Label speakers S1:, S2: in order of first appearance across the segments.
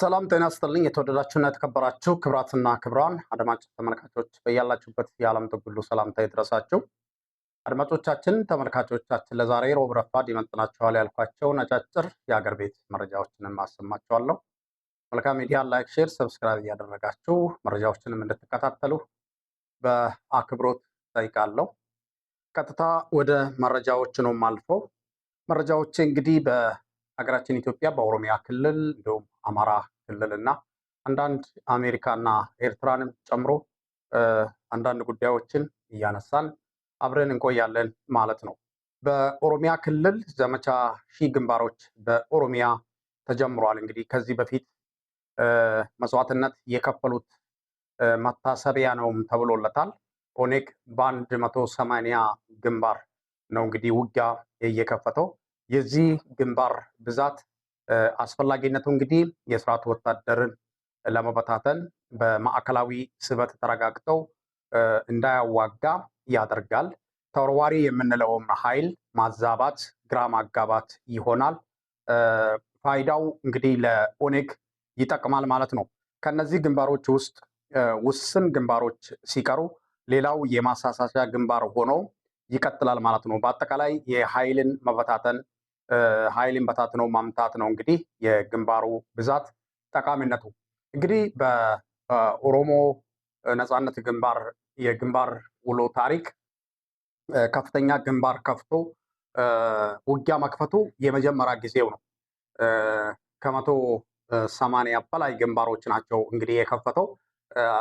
S1: ሰላም ጤና ስጥልኝ። የተወደዳችሁና የተከበራችሁ ክብራትና ክብራን አድማጭ ተመልካቾች በያላችሁበት የዓለም ጥግ ሁሉ ሰላምታ ይድረሳችሁ። አድማጮቻችን፣ ተመልካቾቻችን ለዛሬ ሮብ ረፋድ ይመጥናችኋል ያልኳቸውን አጫጭር የአገር ቤት መረጃዎችንም አሰማችኋለሁ። መልካም ሚዲያ ላይክ፣ ሼር፣ ሰብስክራይብ እያደረጋችሁ መረጃዎችንም እንድትከታተሉ በአክብሮት ጠይቃለሁ። ቀጥታ ወደ መረጃዎች ነው ማልፎ መረጃዎች እንግዲህ በ ሀገራችን ኢትዮጵያ በኦሮሚያ ክልል እንዲሁም አማራ ክልል እና አንዳንድ አሜሪካና ኤርትራንም ጨምሮ አንዳንድ ጉዳዮችን እያነሳን አብረን እንቆያለን ማለት ነው። በኦሮሚያ ክልል ዘመቻ ሺህ ግንባሮች በኦሮሚያ ተጀምሯል። እንግዲህ ከዚህ በፊት መስዋዕትነት የከፈሉት መታሰቢያ ነውም ተብሎለታል። ኦኔግ በአንድ መቶ ሰማንያ ግንባር ነው እንግዲህ ውጊያ እየከፈተው የዚህ ግንባር ብዛት አስፈላጊነቱ እንግዲህ የስርዓቱ ወታደርን ለመበታተን በማዕከላዊ ስበት ተረጋግጠው እንዳያዋጋ ያደርጋል። ተወርዋሪ የምንለውም ኃይል ማዛባት፣ ግራ ማጋባት ይሆናል። ፋይዳው እንግዲህ ለኦኔግ ይጠቅማል ማለት ነው። ከነዚህ ግንባሮች ውስጥ ውስን ግንባሮች ሲቀሩ ሌላው የማሳሳሻ ግንባር ሆኖ ይቀጥላል ማለት ነው። በአጠቃላይ የኃይልን መበታተን ኃይልን በታትኖ ማምታት ነው እንግዲህ የግንባሩ ብዛት ጠቃሚነቱ። እንግዲህ በኦሮሞ ነፃነት ግንባር የግንባር ውሎ ታሪክ ከፍተኛ ግንባር ከፍቶ ውጊያ መክፈቱ የመጀመሪያ ጊዜው ነው። ከመቶ ሰማንያ በላይ ግንባሮች ናቸው እንግዲህ የከፈተው።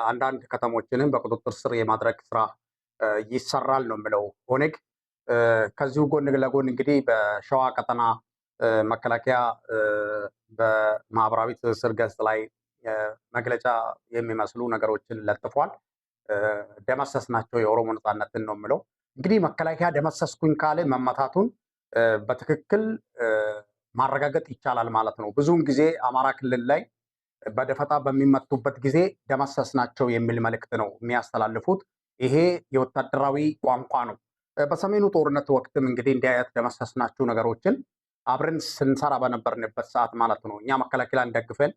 S1: አንዳንድ ከተሞችንም በቁጥጥር ስር የማድረግ ስራ ይሰራል ነው የምለው ኦኔግ። ከዚሁ ጎን ለጎን እንግዲህ በሸዋ ቀጠና መከላከያ በማህበራዊ ትስስር ገጽ ላይ መግለጫ የሚመስሉ ነገሮችን ለጥፏል። ደመሰስ ናቸው የኦሮሞ ነፃነትን ነው የምለው። እንግዲህ መከላከያ ደመሰስኩኝ ካለ መመታቱን በትክክል ማረጋገጥ ይቻላል ማለት ነው። ብዙውን ጊዜ አማራ ክልል ላይ በደፈጣ በሚመቱበት ጊዜ ደመሰስ ናቸው የሚል መልእክት ነው የሚያስተላልፉት። ይሄ የወታደራዊ ቋንቋ ነው። በሰሜኑ ጦርነት ወቅትም እንግዲህ እንዲህ አይነት ነገሮችን አብረን ስንሰራ በነበርንበት ሰዓት ማለት ነው። እኛ መከላከያን ደግፈን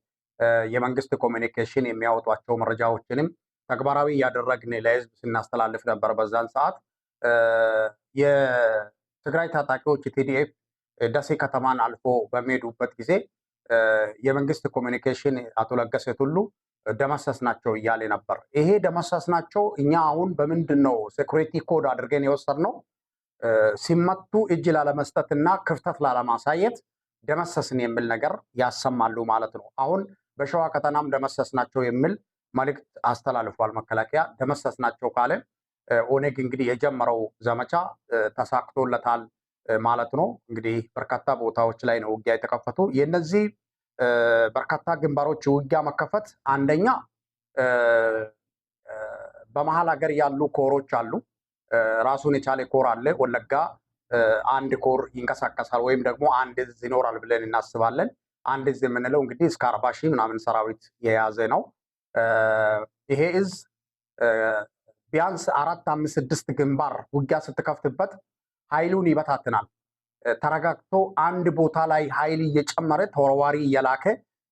S1: የመንግስት ኮሚኒኬሽን የሚያወጧቸው መረጃዎችንም ተግባራዊ እያደረግን ለህዝብ ስናስተላልፍ ነበር። በዛን ሰዓት የትግራይ ታጣቂዎች ቲዲኤፍ ደሴ ከተማን አልፎ በሚሄዱበት ጊዜ የመንግስት ኮሚኒኬሽን አቶ ለገሰ ቱሉ ደመሰስ ናቸው እያለ ነበር። ይሄ ደመሰስ ናቸው እኛ አሁን በምንድን ነው ሴኩሪቲ ኮድ አድርገን የወሰድነው? ሲመቱ እጅ ላለመስጠት እና ክፍተት ላለማሳየት ደመሰስን የሚል ነገር ያሰማሉ ማለት ነው። አሁን በሸዋ ከተናም ደመሰስ ናቸው የሚል መልእክት አስተላልፏል መከላከያ። ደመሰስ ናቸው ካለ ኦኔግ እንግዲህ የጀመረው ዘመቻ ተሳክቶለታል ማለት ነው። እንግዲህ በርካታ ቦታዎች ላይ ነው ውጊያ የተከፈቱ የነዚህ በርካታ ግንባሮች ውጊያ መከፈት አንደኛ በመሀል ሀገር ያሉ ኮሮች አሉ። ራሱን የቻለ ኮር አለ። ወለጋ አንድ ኮር ይንቀሳቀሳል ወይም ደግሞ አንድ እዝ ይኖራል ብለን እናስባለን። አንድ እዝ የምንለው እንግዲህ እስከ አርባ ሺህ ምናምን ሰራዊት የያዘ ነው። ይሄ እዝ ቢያንስ አራት፣ አምስት፣ ስድስት ግንባር ውጊያ ስትከፍትበት ኃይሉን ይበታትናል። ተረጋግቶ አንድ ቦታ ላይ ኃይል እየጨመረ ተወርዋሪ እየላከ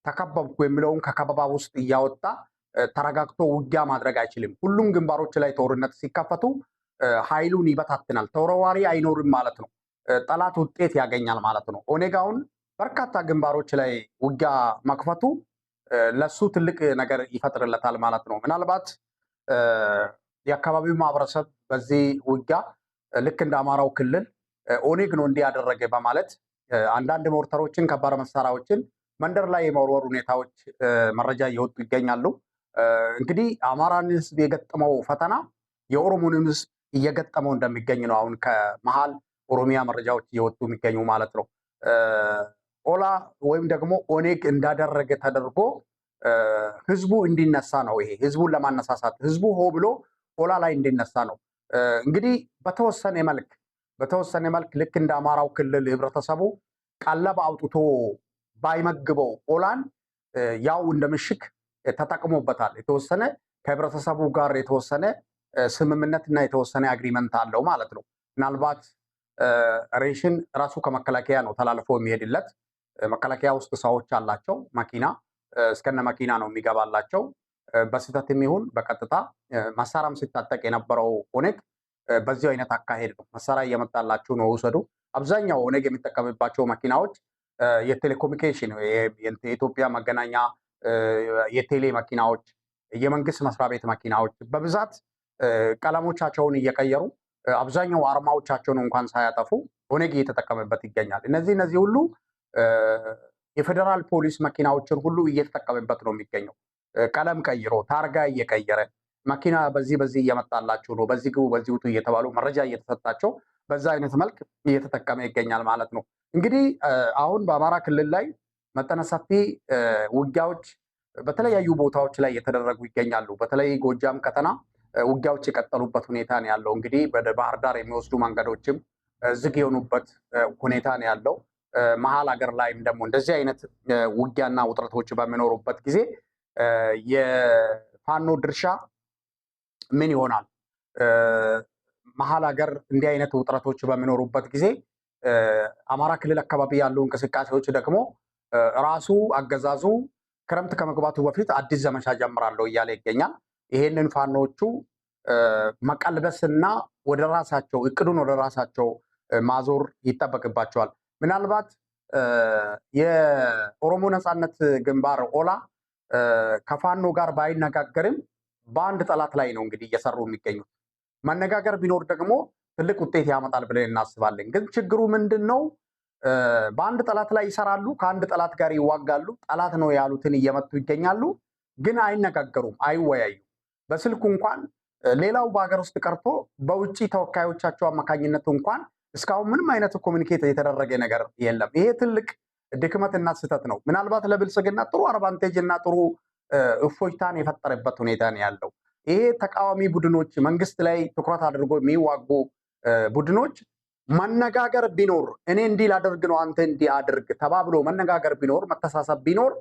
S1: ተከበብኩ የሚለውን ከከበባ ውስጥ እያወጣ ተረጋግቶ ውጊያ ማድረግ አይችልም። ሁሉም ግንባሮች ላይ ጦርነት ሲከፈቱ ኃይሉን ይበታትናል። ተወርዋሪ አይኖርም ማለት ነው። ጠላት ውጤት ያገኛል ማለት ነው። ኦኔጋውን በርካታ ግንባሮች ላይ ውጊያ መክፈቱ ለሱ ትልቅ ነገር ይፈጥርለታል ማለት ነው። ምናልባት የአካባቢው ማህበረሰብ በዚህ ውጊያ ልክ እንደ አማራው ክልል ኦኔግ ነው ያደረገ በማለት አንዳንድ ሞርተሮችን፣ ከባድ መሳሪያዎችን መንደር ላይ የመወርወር ሁኔታዎች መረጃ እየወጡ ይገኛሉ። እንግዲህ አማራን ህዝብ የገጠመው ፈተና የኦሮሞንም ህዝብ እየገጠመው እንደሚገኝ ነው አሁን ከመሀል ኦሮሚያ መረጃዎች እየወጡ የሚገኙ ማለት ነው። ኦላ ወይም ደግሞ ኦኔግ እንዳደረገ ተደርጎ ህዝቡ እንዲነሳ ነው። ይሄ ህዝቡን ለማነሳሳት ህዝቡ ሆ ብሎ ኦላ ላይ እንዲነሳ ነው። እንግዲህ በተወሰነ መልክ በተወሰነ መልክ ልክ እንደ አማራው ክልል ህብረተሰቡ ቀለብ አውጥቶ ባይመግበው ኦላን ያው እንደ ምሽግ ተጠቅሞበታል። የተወሰነ ከህብረተሰቡ ጋር የተወሰነ ስምምነት እና የተወሰነ አግሪመንት አለው ማለት ነው። ምናልባት ሬሽን ራሱ ከመከላከያ ነው ተላልፎ የሚሄድለት። መከላከያ ውስጥ ሰዎች አላቸው። መኪና እስከነ መኪና ነው የሚገባላቸው። በስህተት ይሁን በቀጥታ መሳሪያም ሲታጠቅ የነበረው ኦነግ በዚህ አይነት አካሄድ ነው። መሳሪያ እየመጣላችሁ ነው ውሰዱ። አብዛኛው ኦነግ የሚጠቀምባቸው መኪናዎች የቴሌኮሙኒኬሽን የኢትዮጵያ መገናኛ፣ የቴሌ መኪናዎች፣ የመንግስት መስሪያ ቤት መኪናዎች በብዛት ቀለሞቻቸውን እየቀየሩ አብዛኛው አርማዎቻቸውን እንኳን ሳያጠፉ ኦነግ እየተጠቀመበት ይገኛል። እነዚህ እነዚህ ሁሉ የፌዴራል ፖሊስ መኪናዎችን ሁሉ እየተጠቀመበት ነው የሚገኘው። ቀለም ቀይሮ ታርጋ እየቀየረ መኪና በዚህ በዚህ እየመጣላችሁ ነው፣ በዚህ ግቡ፣ በዚህ ውጡ እየተባሉ መረጃ እየተሰጣቸው በዛ አይነት መልክ እየተጠቀመ ይገኛል ማለት ነው። እንግዲህ አሁን በአማራ ክልል ላይ መጠነ ሰፊ ውጊያዎች በተለያዩ ቦታዎች ላይ እየተደረጉ ይገኛሉ። በተለይ ጎጃም ቀጠና ውጊያዎች የቀጠሉበት ሁኔታ ነው ያለው። እንግዲህ ወደ ባህር ዳር የሚወስዱ መንገዶችም ዝግ የሆኑበት ሁኔታ ነው ያለው። መሀል ሀገር ላይም ደግሞ እንደዚህ አይነት ውጊያና ውጥረቶች በሚኖሩበት ጊዜ የፋኖ ድርሻ ምን ይሆናል? መሀል ሀገር እንዲህ አይነት ውጥረቶች በሚኖሩበት ጊዜ አማራ ክልል አካባቢ ያሉ እንቅስቃሴዎች ደግሞ ራሱ አገዛዙ ክረምት ከመግባቱ በፊት አዲስ ዘመቻ ጀምራለሁ እያለ ይገኛል። ይሄንን ፋኖቹ መቀልበስና ወደ ራሳቸው እቅዱን ወደ ራሳቸው ማዞር ይጠበቅባቸዋል። ምናልባት የኦሮሞ ነፃነት ግንባር ኦላ ከፋኖ ጋር ባይነጋገርም በአንድ ጠላት ላይ ነው እንግዲህ እየሰሩ የሚገኙት። መነጋገር ቢኖር ደግሞ ትልቅ ውጤት ያመጣል ብለን እናስባለን። ግን ችግሩ ምንድን ነው? በአንድ ጠላት ላይ ይሰራሉ፣ ከአንድ ጠላት ጋር ይዋጋሉ፣ ጠላት ነው ያሉትን እየመቱ ይገኛሉ። ግን አይነጋገሩም፣ አይወያዩም። በስልኩ እንኳን ሌላው በሀገር ውስጥ ቀርቶ በውጭ ተወካዮቻቸው አማካኝነት እንኳን እስካሁን ምንም አይነት ኮሚኒኬት የተደረገ ነገር የለም። ይሄ ትልቅ ድክመትና ስህተት ነው። ምናልባት ለብልጽግና ጥሩ አርባንቴጅ እና ጥሩ እፎይታን የፈጠረበት ሁኔታ ነው ያለው። ይሄ ተቃዋሚ ቡድኖች መንግስት ላይ ትኩረት አድርጎ የሚዋጉ ቡድኖች መነጋገር ቢኖር እኔ እንዲህ ላደርግ ነው አንተ እንዲህ አድርግ ተባብሎ መነጋገር ቢኖር መተሳሰብ ቢኖር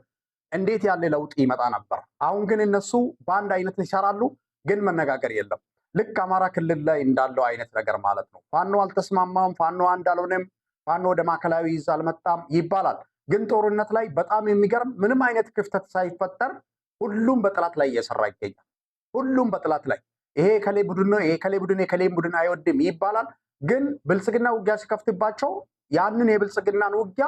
S1: እንዴት ያለ ለውጥ ይመጣ ነበር። አሁን ግን እነሱ በአንድ አይነት ይሰራሉ፣ ግን መነጋገር የለም። ልክ አማራ ክልል ላይ እንዳለው አይነት ነገር ማለት ነው። ፋኖ አልተስማማም፣ ፋኖ አንድ አልሆነም፣ ፋኖ ወደ ማዕከላዊ ይዝ አልመጣም ይባላል። ግን ጦርነት ላይ በጣም የሚገርም ምንም አይነት ክፍተት ሳይፈጠር ሁሉም በጠላት ላይ እየሰራ ይገኛል። ሁሉም በጠላት ላይ ይሄ ከሌ ቡድን ነው፣ ይሄ ከሌ ቡድን የከሌ ቡድን አይወድም ይባላል። ግን ብልጽግና ውጊያ ሲከፍትባቸው ያንን የብልጽግናን ውጊያ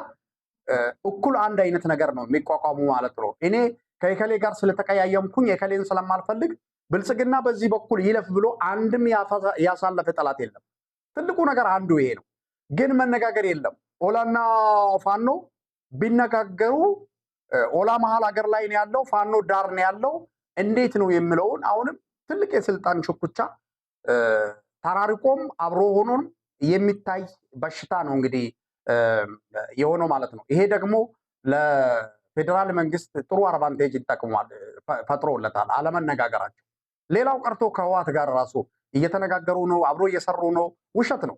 S1: እኩል አንድ አይነት ነገር ነው የሚቋቋሙ ማለት ነው። እኔ ከከሌ ጋር ስለተቀያየምኩኝ የከሌን ስለማልፈልግ ብልጽግና በዚህ በኩል ይለፍ ብሎ አንድም ያሳለፈ ጠላት የለም። ትልቁ ነገር አንዱ ይሄ ነው። ግን መነጋገር የለም። ኦላና ፋኖ ቢነጋገሩ ኦላ መሀል ሀገር ላይ ነው ያለው፣ ፋኖ ዳር ነው ያለው። እንዴት ነው የሚለውን አሁንም ትልቅ የስልጣን ሽኩቻ ተራርቆም አብሮ ሆኖም የሚታይ በሽታ ነው እንግዲህ የሆነው ማለት ነው። ይሄ ደግሞ ለፌዴራል መንግስት ጥሩ አድቫንቴጅ ይጠቅሟል ፈጥሮለታል፣ አለመነጋገራቸው። ሌላው ቀርቶ ከህወሓት ጋር ራሱ እየተነጋገሩ ነው፣ አብሮ እየሰሩ ነው። ውሸት ነው።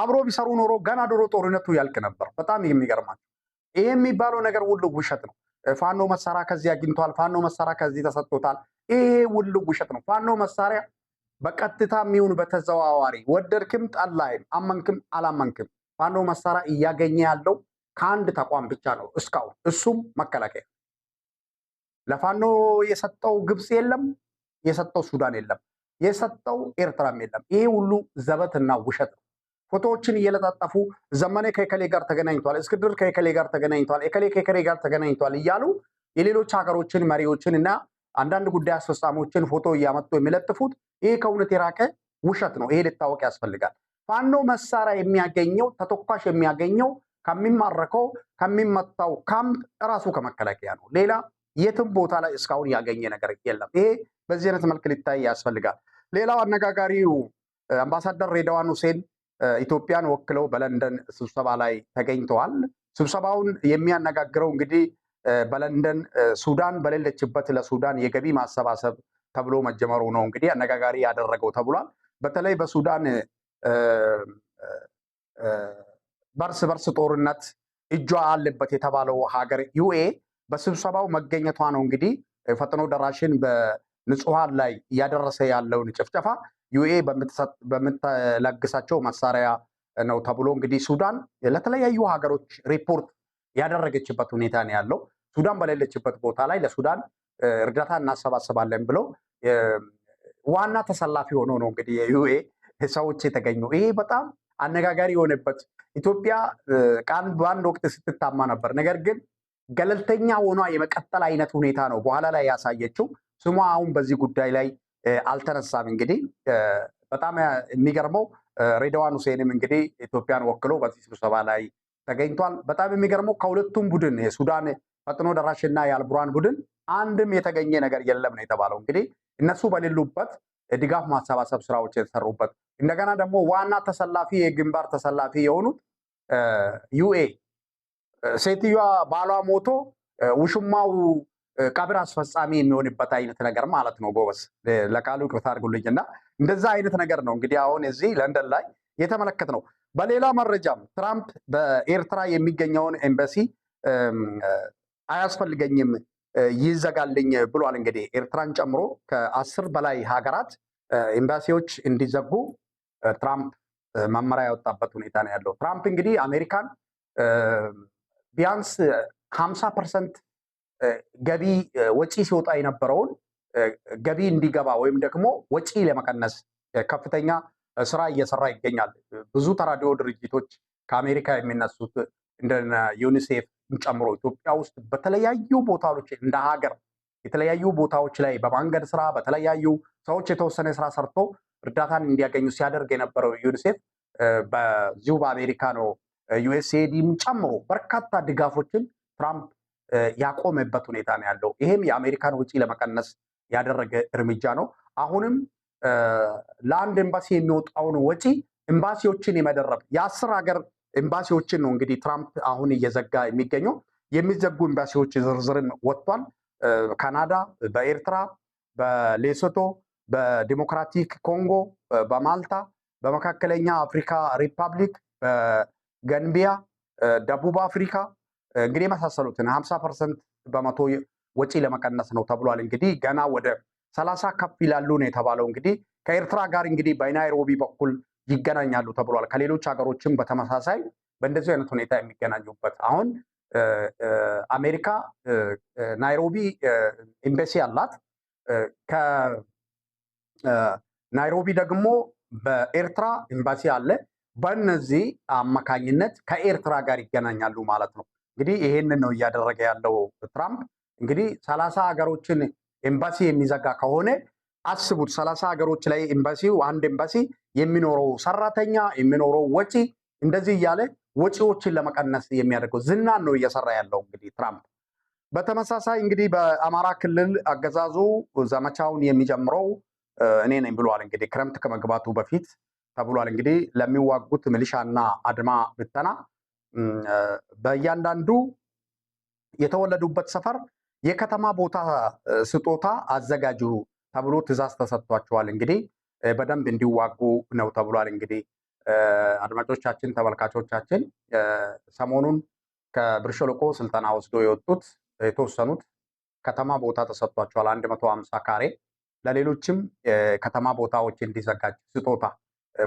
S1: አብሮ ቢሰሩ ኖሮ ገና ድሮ ጦርነቱ ያልቅ ነበር። በጣም የሚገርማቸው ይሄ የሚባለው ነገር ሁሉ ውሸት ነው። ፋኖ መሳሪያ ከዚህ አግኝቷል፣ ፋኖ መሳሪያ ከዚህ ተሰጥቶታል። ይሄ ሁሉ ውሸት ነው። ፋኖ መሳሪያ በቀጥታ የሚሆን በተዘዋዋሪ ወደድክም ጠላይም፣ አመንክም አላመንክም ፋኖ መሳሪያ እያገኘ ያለው ከአንድ ተቋም ብቻ ነው እስካሁን፣ እሱም መከላከያ። ለፋኖ የሰጠው ግብፅ የለም፣ የሰጠው ሱዳን የለም፣ የሰጠው ኤርትራም የለም። ይሄ ሁሉ ዘበትና ውሸት ነው። ፎቶዎችን እየለጣጠፉ ዘመነ ከከሌ ጋር ተገናኝቷል፣ እስክድር ከከሌ ጋር ተገናኝቷል፣ ከሌ ከከሌ ጋር ተገናኝቷል እያሉ የሌሎች ሀገሮችን መሪዎችን እና አንዳንድ ጉዳይ አስፈጻሚዎችን ፎቶ እያመጡ የሚለጥፉት ይሄ ከእውነት የራቀ ውሸት ነው። ይሄ ልታወቅ ያስፈልጋል። ፋኖ መሳሪያ የሚያገኘው ተተኳሽ የሚያገኘው ከሚማረከው ከሚመታው ካምፕ እራሱ ከመከላከያ ነው። ሌላ የትም ቦታ ላይ እስካሁን ያገኘ ነገር የለም። ይሄ በዚህ አይነት መልክ ሊታይ ያስፈልጋል። ሌላው አነጋጋሪው አምባሳደር ሬድዋን ሁሴን ኢትዮጵያን ወክለው በለንደን ስብሰባ ላይ ተገኝተዋል። ስብሰባውን የሚያነጋግረው እንግዲህ በለንደን ሱዳን በሌለችበት ለሱዳን የገቢ ማሰባሰብ ተብሎ መጀመሩ ነው እንግዲህ አነጋጋሪ ያደረገው ተብሏል። በተለይ በሱዳን በርስ በርስ ጦርነት እጇ አለበት የተባለው ሀገር ዩኤ በስብሰባው መገኘቷ ነው እንግዲህ ፈጥኖ ደራሽን በንጹሐን ላይ እያደረሰ ያለውን ጭፍጨፋ ዩኤ በምትለግሳቸው መሳሪያ ነው ተብሎ እንግዲህ ሱዳን ለተለያዩ ሀገሮች ሪፖርት ያደረገችበት ሁኔታ ነው ያለው። ሱዳን በሌለችበት ቦታ ላይ ለሱዳን እርዳታ እናሰባስባለን ብለው ዋና ተሰላፊ ሆኖ ነው እንግዲህ የዩኤ ሰዎች የተገኙ። ይሄ በጣም አነጋጋሪ የሆነበት ኢትዮጵያ ቃል በአንድ ወቅት ስትታማ ነበር። ነገር ግን ገለልተኛ ሆኗ የመቀጠል አይነት ሁኔታ ነው በኋላ ላይ ያሳየችው። ስሟ አሁን በዚህ ጉዳይ ላይ አልተነሳም። እንግዲህ በጣም የሚገርመው ሬድዋን ሁሴንም እንግዲህ ኢትዮጵያን ወክሎ በዚህ ስብሰባ ላይ ተገኝቷል። በጣም የሚገርመው ከሁለቱም ቡድን የሱዳን ፈጥኖ ደራሽና የአልቡራን ቡድን አንድም የተገኘ ነገር የለም ነው የተባለው። እንግዲህ እነሱ በሌሉበት ድጋፍ ማሰባሰብ ስራዎች የተሰሩበት እንደገና ደግሞ ዋና ተሰላፊ የግንባር ተሰላፊ የሆኑት ዩኤ ሴትዮዋ ባሏ ሞቶ ውሽማው ቀብር አስፈጻሚ የሚሆንበት አይነት ነገር ማለት ነው። ጎበስ ለቃሉ ይቅርታ አድርጉልኝ እና እንደዛ አይነት ነገር ነው እንግዲህ አሁን እዚህ ለንደን ላይ የተመለከት ነው። በሌላ መረጃም ትራምፕ በኤርትራ የሚገኘውን ኤምባሲ አያስፈልገኝም ይዘጋልኝ ብሏል። እንግዲህ ኤርትራን ጨምሮ ከአስር በላይ ሀገራት ኤምባሲዎች እንዲዘጉ ትራምፕ መመሪያ ያወጣበት ሁኔታ ነው ያለው። ትራምፕ እንግዲህ አሜሪካን ቢያንስ ሀምሳ ፐርሰንት ገቢ ወጪ ሲወጣ የነበረውን ገቢ እንዲገባ ወይም ደግሞ ወጪ ለመቀነስ ከፍተኛ ስራ እየሰራ ይገኛል። ብዙ ተራድኦ ድርጅቶች ከአሜሪካ የሚነሱት እንደ ዩኒሴፍ ጨምሮ ኢትዮጵያ ውስጥ በተለያዩ ቦታዎች እንደ ሀገር የተለያዩ ቦታዎች ላይ በማንገድ ስራ በተለያዩ ሰዎች የተወሰነ ስራ ሰርቶ እርዳታን እንዲያገኙ ሲያደርግ የነበረው ዩኒሴፍ በዚሁ በአሜሪካ ነው ዩኤስኤዲም ጨምሮ በርካታ ድጋፎችን ትራምፕ ያቆመበት ሁኔታ ነው ያለው። ይሄም የአሜሪካን ውጪ ለመቀነስ ያደረገ እርምጃ ነው። አሁንም ለአንድ ኤምባሲ የሚወጣውን ወጪ ኤምባሲዎችን የመደረብ የአስር ሀገር ኤምባሲዎችን ነው እንግዲህ ትራምፕ አሁን እየዘጋ የሚገኘው የሚዘጉ ኤምባሲዎች ዝርዝርን ወጥቷል። ካናዳ፣ በኤርትራ፣ በሌሶቶ፣ በዲሞክራቲክ ኮንጎ፣ በማልታ፣ በመካከለኛ አፍሪካ ሪፐብሊክ፣ በገንቢያ፣ ደቡብ አፍሪካ እንግዲህ የመሳሰሉትን ሀምሳ ፐርሰንት በመቶ ወጪ ለመቀነስ ነው ተብሏል። እንግዲህ ገና ወደ ሰላሳ ከፍ ይላሉ ነው የተባለው። እንግዲህ ከኤርትራ ጋር እንግዲህ በናይሮቢ በኩል ይገናኛሉ ተብሏል። ከሌሎች ሀገሮችም በተመሳሳይ በእንደዚህ አይነት ሁኔታ የሚገናኙበት አሁን አሜሪካ ናይሮቢ ኤምባሲ አላት። ከናይሮቢ ደግሞ በኤርትራ ኤምባሲ አለ። በእነዚህ አማካኝነት ከኤርትራ ጋር ይገናኛሉ ማለት ነው። እንግዲህ ይሄንን ነው እያደረገ ያለው ትራምፕ። እንግዲህ ሰላሳ ሀገሮችን ኤምባሲ የሚዘጋ ከሆነ አስቡት። ሰላሳ ሀገሮች ላይ ኤምባሲው አንድ ኤምባሲ የሚኖረው ሰራተኛ የሚኖረው ወጪ እንደዚህ እያለ ወጪዎችን ለመቀነስ የሚያደርገው ዝናን ነው እየሰራ ያለው እንግዲህ ትራምፕ። በተመሳሳይ እንግዲህ በአማራ ክልል አገዛዙ ዘመቻውን የሚጀምረው እኔ ነኝ ብሏል። እንግዲህ ክረምት ከመግባቱ በፊት ተብሏል። እንግዲህ ለሚዋጉት ሚሊሻና አድማ ብተና በእያንዳንዱ የተወለዱበት ሰፈር የከተማ ቦታ ስጦታ አዘጋጁ ተብሎ ትእዛዝ ተሰጥቷቸዋል። እንግዲህ በደንብ እንዲዋጉ ነው ተብሏል። እንግዲህ አድማጮቻችን፣ ተመልካቾቻችን ሰሞኑን ከብርሸለቆ ስልጠና ወስዶ የወጡት የተወሰኑት ከተማ ቦታ ተሰጥቷቸዋል። አንድ መቶ ሀምሳ ካሬ ለሌሎችም ከተማ ቦታዎች እንዲዘጋጅ ስጦታ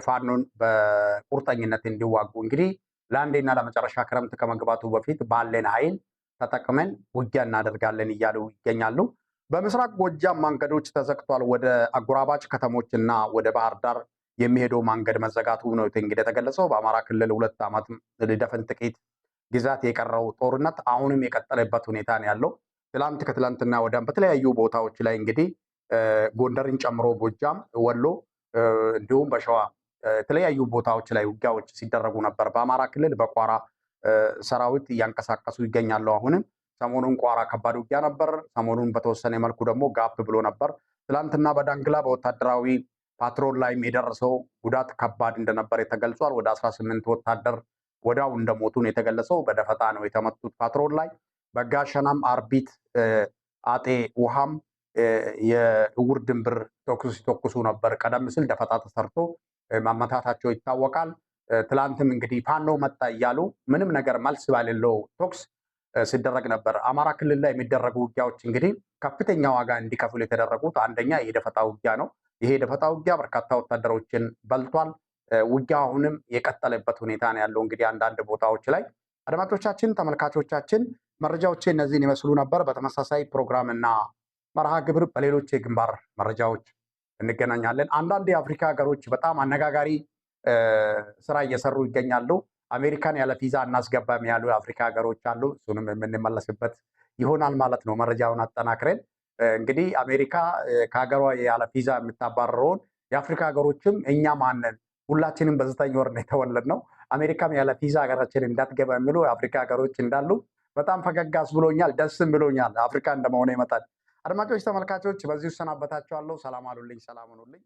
S1: ፋኖን በቁርጠኝነት እንዲዋጉ እንግዲህ ለአንዴና ለመጨረሻ ክረምት ከመግባቱ በፊት ባለን ኃይል ተጠቅመን ውጊያ እናደርጋለን እያሉ ይገኛሉ። በምስራቅ ጎጃም መንገዶች ተዘግቷል። ወደ አጎራባጭ ከተሞች እና ወደ ባህር ዳር የሚሄደው መንገድ መዘጋቱ ነው እንግዲህ የተገለጸው። በአማራ ክልል ሁለት ዓመት ሊደፍን ጥቂት ጊዜያት የቀረው ጦርነት አሁንም የቀጠለበት ሁኔታ ነው ያለው። ትላንት ከትላንትና ወዲያም በተለያዩ ቦታዎች ላይ እንግዲህ ጎንደርን ጨምሮ ጎጃም፣ ወሎ እንዲሁም በሸዋ የተለያዩ ቦታዎች ላይ ውጊያዎች ሲደረጉ ነበር። በአማራ ክልል በቋራ ሰራዊት እያንቀሳቀሱ ይገኛሉ። አሁንም ሰሞኑን ቋራ ከባድ ውጊያ ነበር። ሰሞኑን በተወሰነ መልኩ ደግሞ ጋፕ ብሎ ነበር። ትላንትና በዳንግላ በወታደራዊ ፓትሮል ላይም የደረሰው ጉዳት ከባድ እንደነበር ተገልጿል። ወደ 18 ወታደር ወዳው እንደሞቱ ነው የተገለጸው። በደፈጣ ነው የተመቱት ፓትሮል ላይ። በጋሸናም አርቢት አጤ ውሃም የእውር ድንብር ተኩስ ሲተኩሱ ነበር። ቀደም ሲል ደፈጣ ተሰርቶ ማመታታቸው ይታወቃል። ትላንትም እንግዲህ ፋኖ መጣ እያሉ ምንም ነገር መልስ ባሌለው ቶክስ ሲደረግ ነበር። አማራ ክልል ላይ የሚደረጉ ውጊያዎች እንግዲህ ከፍተኛ ዋጋ እንዲከፍሉ የተደረጉት አንደኛ የደፈጣ ውጊያ ነው። ይሄ የደፈጣ ውጊያ በርካታ ወታደሮችን በልቷል። ውጊያ አሁንም የቀጠለበት ሁኔታ ነው ያለው እንግዲህ አንዳንድ ቦታዎች ላይ። አድማጮቻችን፣ ተመልካቾቻችን መረጃዎች እነዚህን ይመስሉ ነበር። በተመሳሳይ ፕሮግራም እና መርሃ ግብር በሌሎች የግንባር መረጃዎች እንገናኛለን። አንዳንድ የአፍሪካ ሀገሮች በጣም አነጋጋሪ ስራ እየሰሩ ይገኛሉ። አሜሪካን ያለ ቪዛ እናስገባም ያሉ የአፍሪካ ሀገሮች አሉ። እሱንም የምንመለስበት ይሆናል ማለት ነው። መረጃውን አጠናክረን እንግዲህ አሜሪካ ከሀገሯ ያለ ቪዛ የምታባረረውን የአፍሪካ ሀገሮችም እኛ ማንን ሁላችንም በዘጠኝ ወር ነው ነው። አሜሪካም ያለ ቪዛ ሀገራችን እንዳትገባ የሚሉ የአፍሪካ ሀገሮች እንዳሉ በጣም ፈገግ አስብሎኛል፣ ደስም ብሎኛል። አፍሪካ እንደመሆነ ይመጣል አድማጮች፣ ተመልካቾች በዚሁ እሰናበታችኋለሁ። ሰላም አሉልኝ፣ ሰላም ሁኑልኝ።